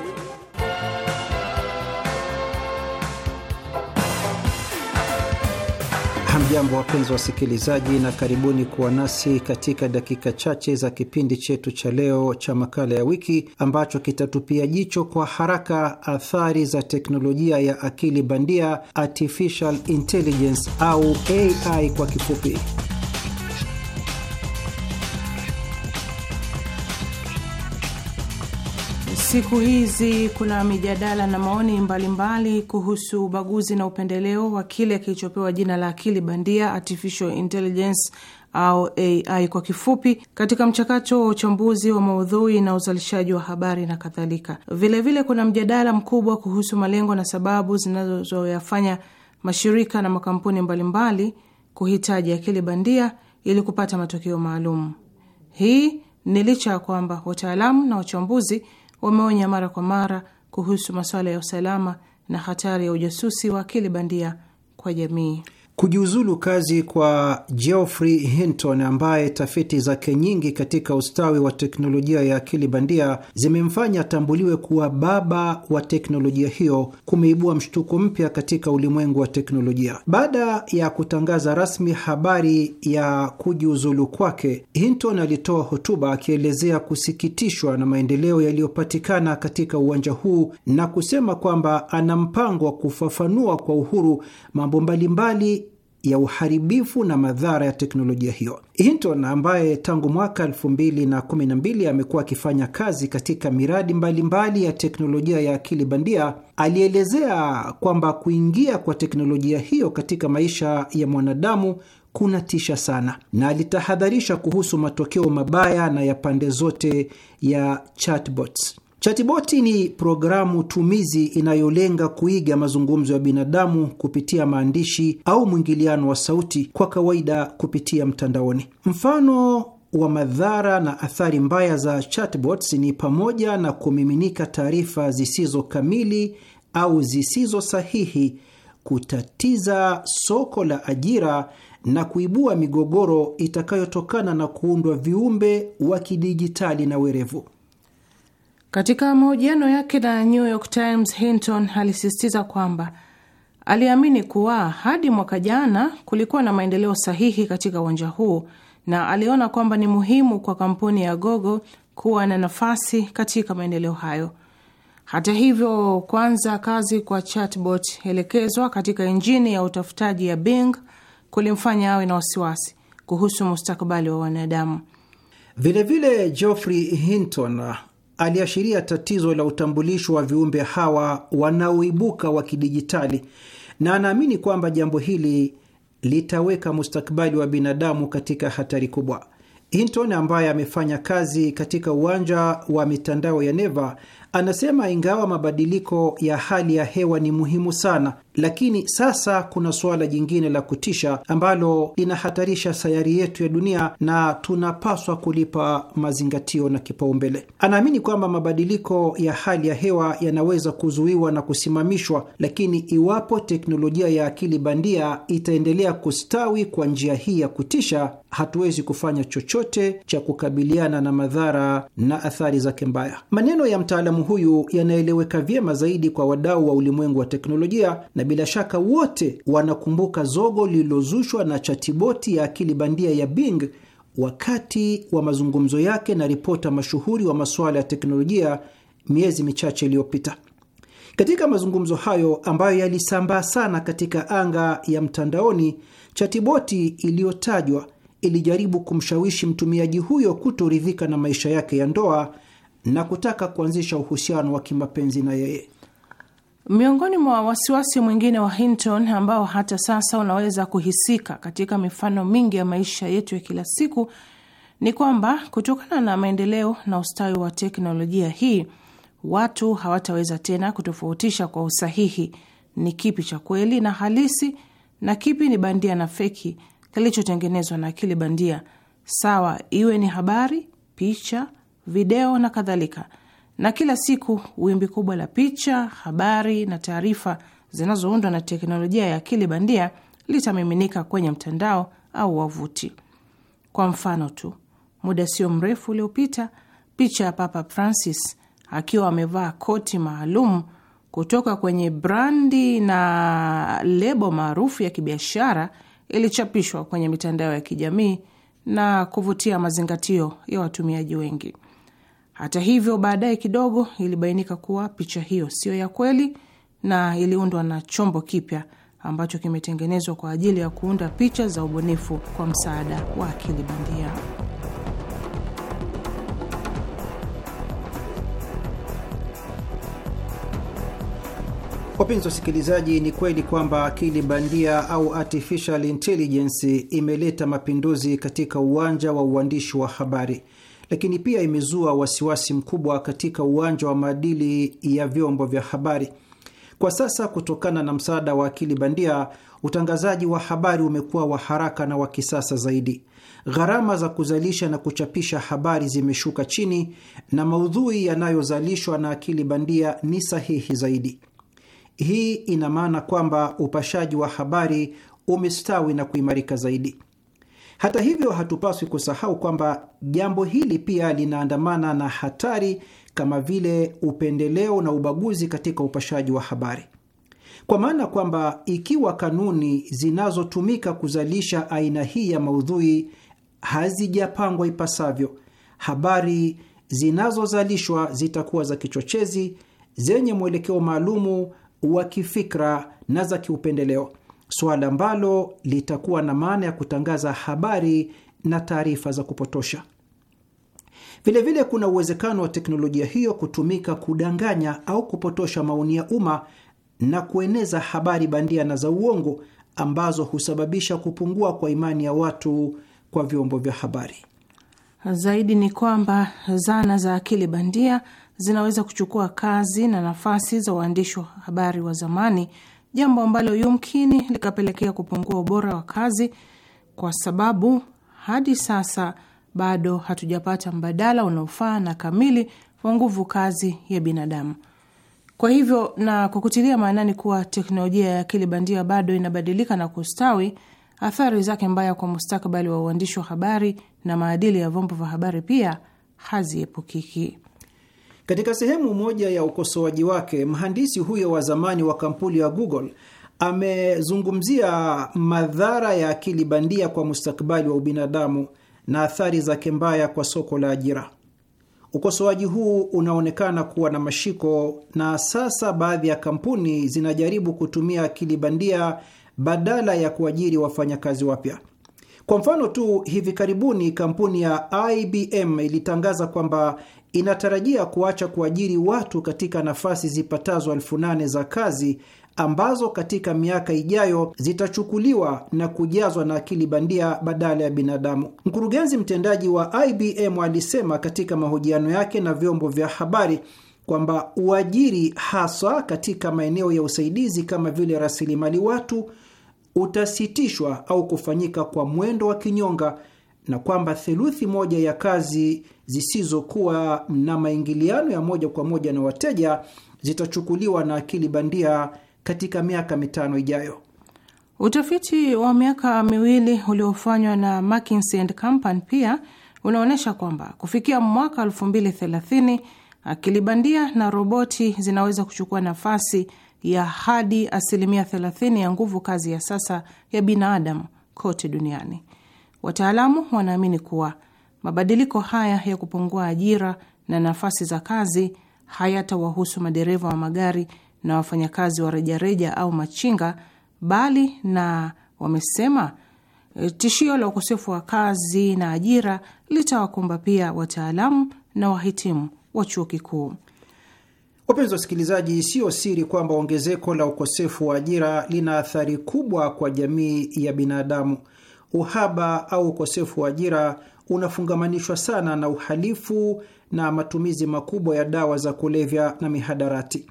Hamjambo, wapenzi wasikilizaji, na karibuni kuwa nasi katika dakika chache za kipindi chetu cha leo cha makala ya wiki ambacho kitatupia jicho kwa haraka athari za teknolojia ya akili bandia, artificial intelligence au AI kwa kifupi. Siku hizi kuna mijadala na maoni mbalimbali mbali kuhusu ubaguzi na upendeleo wa kile kilichopewa jina la akili bandia, artificial intelligence au AI kwa kifupi, katika mchakato wa uchambuzi wa maudhui na uzalishaji wa habari na kadhalika. Vilevile kuna mjadala mkubwa kuhusu malengo na sababu zinazoyafanya mashirika na makampuni mbalimbali mbali kuhitaji akili bandia ili kupata matokeo maalum. Hii ni licha ya kwamba wataalamu na wachambuzi wameonya mara kwa mara kuhusu masuala ya usalama na hatari ya ujasusi wa akili bandia kwa jamii. Kujiuzulu kazi kwa Geoffrey Hinton ambaye tafiti zake nyingi katika ustawi wa teknolojia ya akili bandia zimemfanya atambuliwe kuwa baba wa teknolojia hiyo kumeibua mshtuko mpya katika ulimwengu wa teknolojia. Baada ya kutangaza rasmi habari ya kujiuzulu kwake, Hinton alitoa hotuba akielezea kusikitishwa na maendeleo yaliyopatikana katika uwanja huu na kusema kwamba ana mpango wa kufafanua kwa uhuru mambo mbalimbali ya uharibifu na madhara ya teknolojia hiyo. Hinton ambaye tangu mwaka 2012 amekuwa akifanya kazi katika miradi mbalimbali mbali ya teknolojia ya akili bandia alielezea kwamba kuingia kwa teknolojia hiyo katika maisha ya mwanadamu kuna tisha sana, na alitahadharisha kuhusu matokeo mabaya na ya pande zote ya chatbots. Chatiboti ni programu tumizi inayolenga kuiga mazungumzo ya binadamu kupitia maandishi au mwingiliano wa sauti, kwa kawaida kupitia mtandaoni. Mfano wa madhara na athari mbaya za chatbots ni pamoja na kumiminika taarifa zisizo kamili au zisizo sahihi, kutatiza soko la ajira na kuibua migogoro itakayotokana na kuundwa viumbe wa kidijitali na werevu. Katika mahojiano yake na New York Times, Hinton alisisitiza kwamba aliamini kuwa hadi mwaka jana kulikuwa na maendeleo sahihi katika uwanja huu na aliona kwamba ni muhimu kwa kampuni ya Google kuwa na nafasi katika maendeleo hayo. Hata hivyo, kwanza kazi kwa chatbot elekezwa katika injini ya utafutaji ya Bing kulimfanya awe na wasiwasi kuhusu mustakabali wa wanadamu. Vilevile Geoffrey Hinton aliashiria tatizo la utambulisho wa viumbe hawa wanaoibuka wa kidijitali, na anaamini kwamba jambo hili litaweka mustakabali wa binadamu katika hatari kubwa. Hinton ambaye amefanya kazi katika uwanja wa mitandao ya neva anasema ingawa mabadiliko ya hali ya hewa ni muhimu sana, lakini sasa kuna suala jingine la kutisha ambalo linahatarisha sayari yetu ya dunia na tunapaswa kulipa mazingatio na kipaumbele. Anaamini kwamba mabadiliko ya hali ya hewa yanaweza kuzuiwa na kusimamishwa, lakini iwapo teknolojia ya akili bandia itaendelea kustawi kwa njia hii ya kutisha, hatuwezi kufanya chochote cha kukabiliana na madhara na athari zake mbaya. Maneno ya mtaalamu huyu yanaeleweka vyema zaidi kwa wadau wa ulimwengu wa teknolojia na bila shaka wote wanakumbuka zogo lililozushwa na chatiboti ya akili bandia ya Bing wakati wa mazungumzo yake na ripota mashuhuri wa masuala ya teknolojia miezi michache iliyopita. Katika mazungumzo hayo ambayo yalisambaa sana katika anga ya mtandaoni, chatiboti iliyotajwa ilijaribu kumshawishi mtumiaji huyo kutoridhika na maisha yake ya ndoa na kutaka kuanzisha uhusiano wa kimapenzi na yeye. Miongoni mwa wasiwasi mwingine wa Hinton ambao hata sasa unaweza kuhisika katika mifano mingi ya maisha yetu ya kila siku ni kwamba kutokana na maendeleo na ustawi wa teknolojia hii, watu hawataweza tena kutofautisha kwa usahihi ni kipi cha kweli na halisi na kipi ni bandia na feki kilichotengenezwa na akili bandia, sawa iwe ni habari, picha, video na kadhalika na kila siku wimbi kubwa la picha, habari na taarifa zinazoundwa na teknolojia ya akili bandia litamiminika kwenye mtandao au wavuti. Kwa mfano tu, muda sio mrefu uliopita, picha ya Papa Francis akiwa amevaa koti maalum kutoka kwenye brandi na lebo maarufu ya kibiashara ilichapishwa kwenye mitandao ya kijamii na kuvutia mazingatio ya watumiaji wengi. Hata hivyo, baadaye kidogo ilibainika kuwa picha hiyo siyo ya kweli na iliundwa na chombo kipya ambacho kimetengenezwa kwa ajili ya kuunda picha za ubunifu kwa msaada wa akili bandia. Wapenzi wasikilizaji, ni kweli kwamba akili bandia au artificial intelligence imeleta mapinduzi katika uwanja wa uandishi wa habari lakini pia imezua wasiwasi mkubwa katika uwanja wa maadili ya vyombo vya habari. Kwa sasa, kutokana na msaada wa akili bandia, utangazaji wa habari umekuwa wa haraka na wa kisasa zaidi. Gharama za kuzalisha na kuchapisha habari zimeshuka chini na maudhui yanayozalishwa na akili bandia ni sahihi zaidi. Hii ina maana kwamba upashaji wa habari umestawi na kuimarika zaidi. Hata hivyo, hatupaswi kusahau kwamba jambo hili pia linaandamana na hatari kama vile upendeleo na ubaguzi katika upashaji wa habari, kwa maana kwamba ikiwa kanuni zinazotumika kuzalisha aina hii ya maudhui hazijapangwa ipasavyo, habari zinazozalishwa zitakuwa za kichochezi, zenye mwelekeo maalumu wa kifikra na za kiupendeleo suala ambalo litakuwa na maana ya kutangaza habari na taarifa za kupotosha. Vilevile vile kuna uwezekano wa teknolojia hiyo kutumika kudanganya au kupotosha maoni ya umma na kueneza habari bandia na za uongo ambazo husababisha kupungua kwa imani ya watu kwa vyombo vya habari. Zaidi ni kwamba zana za akili bandia zinaweza kuchukua kazi na nafasi za waandishi wa habari wa zamani jambo ambalo yumkini likapelekea kupungua ubora wa kazi, kwa sababu hadi sasa bado hatujapata mbadala unaofaa na kamili wa nguvu kazi ya binadamu. Kwa hivyo, na kwa kutilia maanani kuwa teknolojia ya akili bandia bado inabadilika na kustawi, athari zake mbaya kwa mustakabali wa uandishi wa habari na maadili ya vyombo vya habari pia haziepukiki. Katika sehemu moja ya ukosoaji wake, mhandisi huyo wa zamani wa kampuni ya Google amezungumzia madhara ya akili bandia kwa mustakabali wa ubinadamu na athari zake mbaya kwa soko la ajira. Ukosoaji huu unaonekana kuwa na mashiko, na sasa baadhi ya kampuni zinajaribu kutumia akili bandia badala ya kuajiri wafanyakazi wapya. Kwa mfano tu, hivi karibuni kampuni ya IBM ilitangaza kwamba inatarajia kuacha kuajiri watu katika nafasi zipatazo elfu nane za kazi ambazo katika miaka ijayo zitachukuliwa na kujazwa na akili bandia badala ya binadamu. Mkurugenzi mtendaji wa IBM alisema katika mahojiano yake na vyombo vya habari kwamba uajiri haswa katika maeneo ya usaidizi kama vile rasilimali watu utasitishwa au kufanyika kwa mwendo wa kinyonga na kwamba theluthi moja ya kazi zisizokuwa na maingiliano ya moja kwa moja na wateja zitachukuliwa na akili bandia katika miaka mitano ijayo. Utafiti wa miaka miwili uliofanywa na McKinsey and Company pia unaonyesha kwamba kufikia mwaka 2030 akili bandia na roboti zinaweza kuchukua nafasi ya hadi asilimia 30 ya nguvu kazi ya sasa ya binadamu kote duniani. Wataalamu wanaamini kuwa Mabadiliko haya ya kupungua ajira na nafasi za kazi hayatawahusu madereva wa magari na wafanyakazi wa rejareja au machinga, bali na wamesema eh, tishio la ukosefu wa kazi na ajira litawakumba pia wataalamu na wahitimu wa chuo kikuu. Wapenzi wa wasikilizaji, sio siri kwamba ongezeko la ukosefu wa ajira lina athari kubwa kwa jamii ya binadamu. Uhaba au ukosefu wa ajira unafungamanishwa sana na uhalifu na matumizi makubwa ya dawa za kulevya na mihadarati.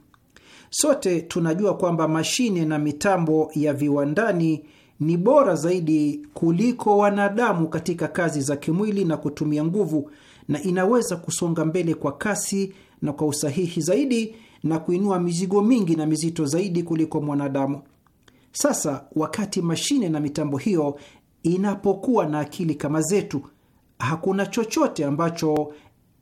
Sote tunajua kwamba mashine na mitambo ya viwandani ni bora zaidi kuliko wanadamu katika kazi za kimwili na kutumia nguvu, na inaweza kusonga mbele kwa kasi na kwa usahihi zaidi na kuinua mizigo mingi na mizito zaidi kuliko mwanadamu. Sasa wakati mashine na mitambo hiyo inapokuwa na akili kama zetu hakuna chochote ambacho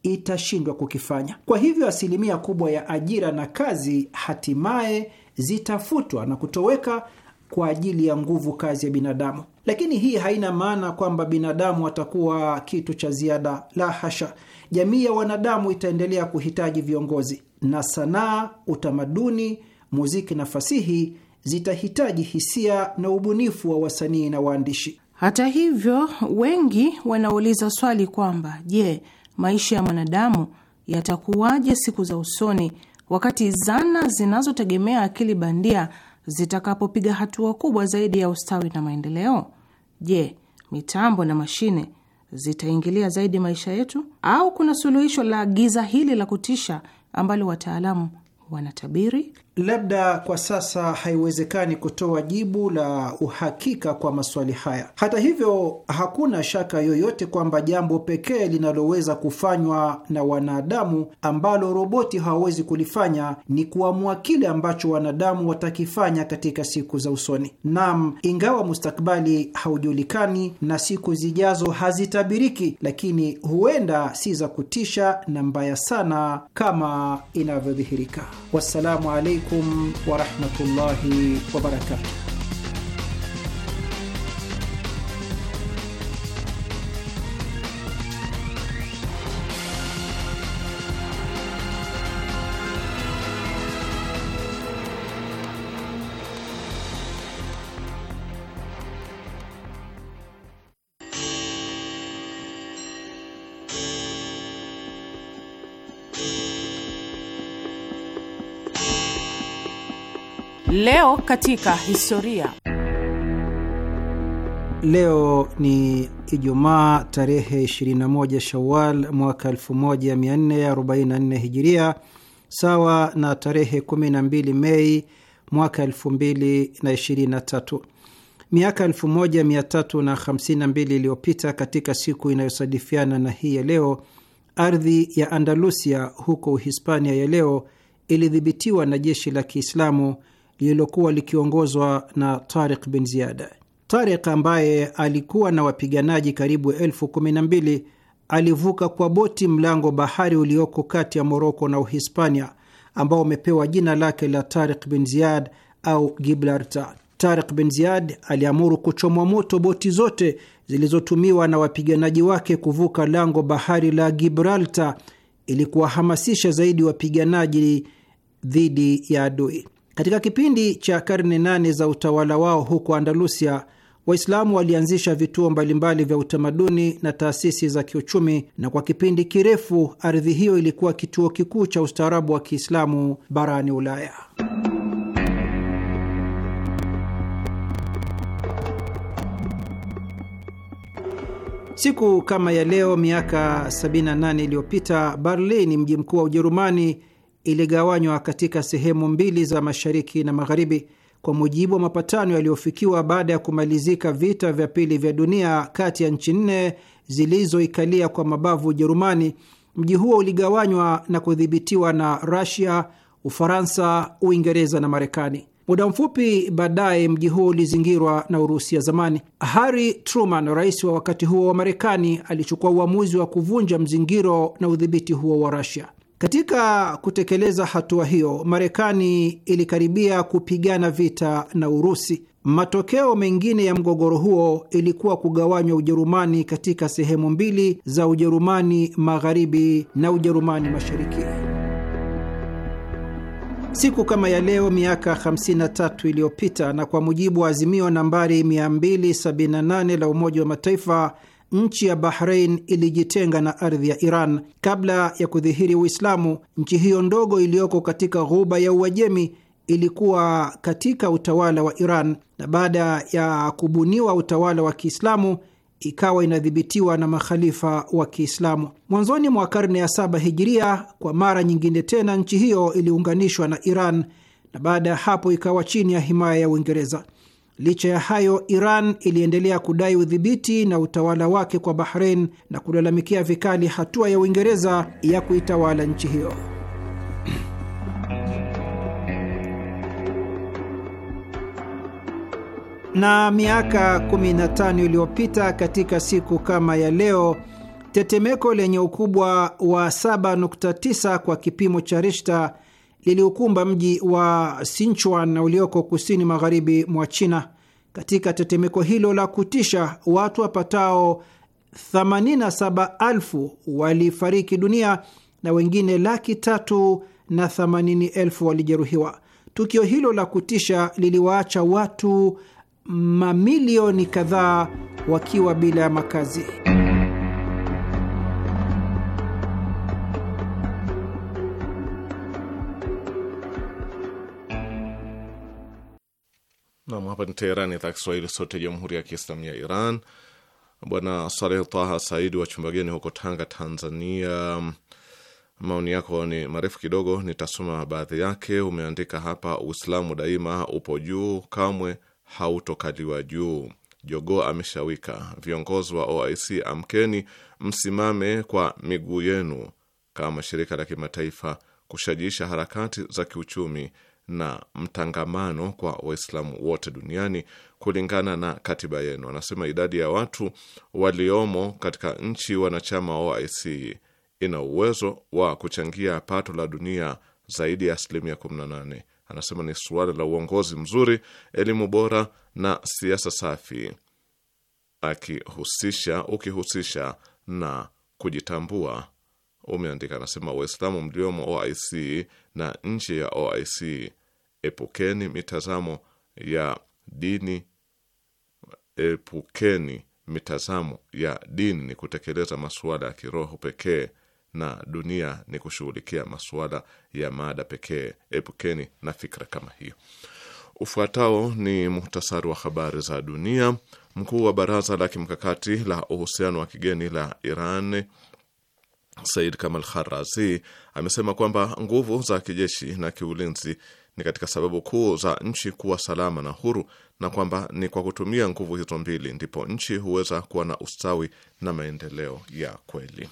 itashindwa kukifanya. Kwa hivyo, asilimia kubwa ya ajira na kazi hatimaye zitafutwa na kutoweka kwa ajili ya nguvu kazi ya binadamu. Lakini hii haina maana kwamba binadamu watakuwa kitu cha ziada, la hasha. Jamii ya wanadamu itaendelea kuhitaji viongozi, na sanaa, utamaduni, muziki na fasihi zitahitaji hisia na ubunifu wa wasanii na waandishi. Hata hivyo, wengi wanauliza swali kwamba je, maisha ya mwanadamu yatakuwaje siku za usoni wakati zana zinazotegemea akili bandia zitakapopiga hatua kubwa zaidi ya ustawi na maendeleo? Je, mitambo na mashine zitaingilia zaidi maisha yetu au kuna suluhisho la giza hili la kutisha ambalo wataalamu wanatabiri? Labda kwa sasa haiwezekani kutoa jibu la uhakika kwa maswali haya. Hata hivyo, hakuna shaka yoyote kwamba jambo pekee linaloweza kufanywa na wanadamu ambalo roboti hawawezi kulifanya ni kuamua kile ambacho wanadamu watakifanya katika siku za usoni. Naam, ingawa mustakbali haujulikani na siku zijazo hazitabiriki, lakini huenda si za kutisha na mbaya sana kama inavyodhihirika. Wassalamu alaikum عليكم ورحمة الله وبركاته Leo katika historia. Leo ni Ijumaa tarehe 21 Shawal mwaka 1444 Hijiria, sawa na tarehe 12 Mei mwaka 2023. Miaka 1352 iliyopita katika siku inayosadifiana na hii ya leo, ardhi ya Andalusia huko Uhispania ya leo ilidhibitiwa na jeshi la Kiislamu lililokuwa likiongozwa na Tariq bin Ziyad. Tariq ambaye alikuwa na wapiganaji karibu elfu kumi na mbili alivuka kwa boti mlango bahari ulioko kati ya Moroko na Uhispania ambao umepewa jina lake la Tariq bin Ziyad au Gibraltar. Tariq bin Ziyad aliamuru kuchomwa moto boti zote zilizotumiwa na wapiganaji wake kuvuka lango bahari la Gibraltar ili kuwahamasisha zaidi wapiganaji dhidi ya adui. Katika kipindi cha karne nane za utawala wao huko Andalusia, Waislamu walianzisha vituo mbalimbali vya utamaduni na taasisi za kiuchumi, na kwa kipindi kirefu ardhi hiyo ilikuwa kituo kikuu cha ustaarabu wa Kiislamu barani Ulaya. Siku kama ya leo miaka 78 iliyopita, Berlin, mji mkuu wa Ujerumani, iligawanywa katika sehemu mbili za mashariki na magharibi kwa mujibu wa mapatano yaliyofikiwa baada ya kumalizika vita vya pili vya dunia kati ya nchi nne zilizoikalia kwa mabavu Ujerumani. Mji huo uligawanywa na kudhibitiwa na rasia Ufaransa, Uingereza na Marekani. Muda mfupi baadaye mji huo ulizingirwa na Urusi ya zamani. Harry Truman, rais wa wakati huo wa Marekani, alichukua uamuzi wa kuvunja mzingiro na udhibiti huo wa rasia katika kutekeleza hatua hiyo, Marekani ilikaribia kupigana vita na Urusi. Matokeo mengine ya mgogoro huo ilikuwa kugawanywa Ujerumani katika sehemu mbili za Ujerumani Magharibi na Ujerumani Mashariki. Siku kama ya leo miaka 53 iliyopita, na kwa mujibu wa azimio nambari 278 la Umoja wa Mataifa nchi ya Bahrein ilijitenga na ardhi ya Iran. Kabla ya kudhihiri Uislamu, nchi hiyo ndogo iliyoko katika ghuba ya Uajemi ilikuwa katika utawala wa Iran, na baada ya kubuniwa utawala wa Kiislamu ikawa inadhibitiwa na makhalifa wa Kiislamu. Mwanzoni mwa karne ya saba hijiria, kwa mara nyingine tena nchi hiyo iliunganishwa na Iran na baada ya hapo ikawa chini ya himaya ya Uingereza. Licha ya hayo, Iran iliendelea kudai udhibiti na utawala wake kwa Bahrein na kulalamikia vikali hatua ya Uingereza ya kuitawala nchi hiyo. Na miaka 15 iliyopita katika siku kama ya leo, tetemeko lenye ukubwa wa 7.9 kwa kipimo cha Rishta liliukumba mji wa Sichuan na ulioko kusini magharibi mwa China. Katika tetemeko hilo la kutisha, watu wapatao 87,000 walifariki dunia na wengine laki tatu na 80,000 walijeruhiwa. Tukio hilo la kutisha liliwaacha watu mamilioni kadhaa wakiwa bila ya makazi. Nam, hapa ni Teherani, idhaa Kiswahili sote jamhuri ya Kiislamu ya Iran. Bwana Saleh Taha Saidi wa Chumbageni huko Tanga, Tanzania, maoni yako ni marefu kidogo, nitasoma baadhi yake. Umeandika hapa, Uislamu daima upo juu, kamwe hautokaliwa juu. jogo ameshawika. Viongozi wa OIC amkeni, msimame kwa miguu yenu kama shirika la kimataifa kushajiisha harakati za kiuchumi na mtangamano kwa Waislamu wote duniani kulingana na katiba yenu. Anasema idadi ya watu waliomo katika nchi wanachama wa OIC ina uwezo wa kuchangia pato la dunia zaidi ya asilimia 18. Anasema ni suala la uongozi mzuri, elimu bora na siasa safi, akihusisha ukihusisha na kujitambua umeandika anasema, Waislamu mliomo OIC na nje ya OIC, epukeni mitazamo ya dini, epukeni mitazamo ya dini ni kutekeleza masuala ya kiroho pekee na dunia ni kushughulikia masuala ya mada pekee. Epukeni na fikra kama hiyo. Ufuatao ni muhtasari wa habari za dunia. Mkuu wa baraza la kimkakati la uhusiano wa kigeni la Iran Said Kamal Kharazi amesema kwamba nguvu za kijeshi na kiulinzi ni katika sababu kuu za nchi kuwa salama na huru na kwamba ni kwa kutumia nguvu hizo mbili ndipo nchi huweza kuwa na ustawi na maendeleo ya kweli.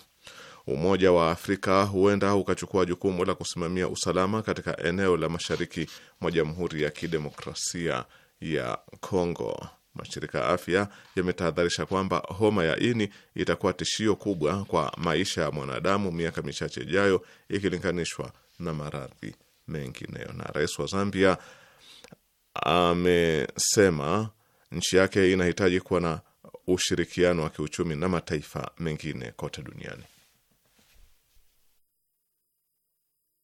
Umoja wa Afrika huenda ukachukua jukumu la kusimamia usalama katika eneo la mashariki mwa Jamhuri ya Kidemokrasia ya Kongo mashirika ya afya yametahadharisha kwamba homa ya ini itakuwa tishio kubwa kwa maisha ya mwanadamu miaka michache ijayo ikilinganishwa na maradhi mengineyo. Na rais wa Zambia amesema nchi yake inahitaji kuwa na ushirikiano wa kiuchumi na mataifa mengine kote duniani.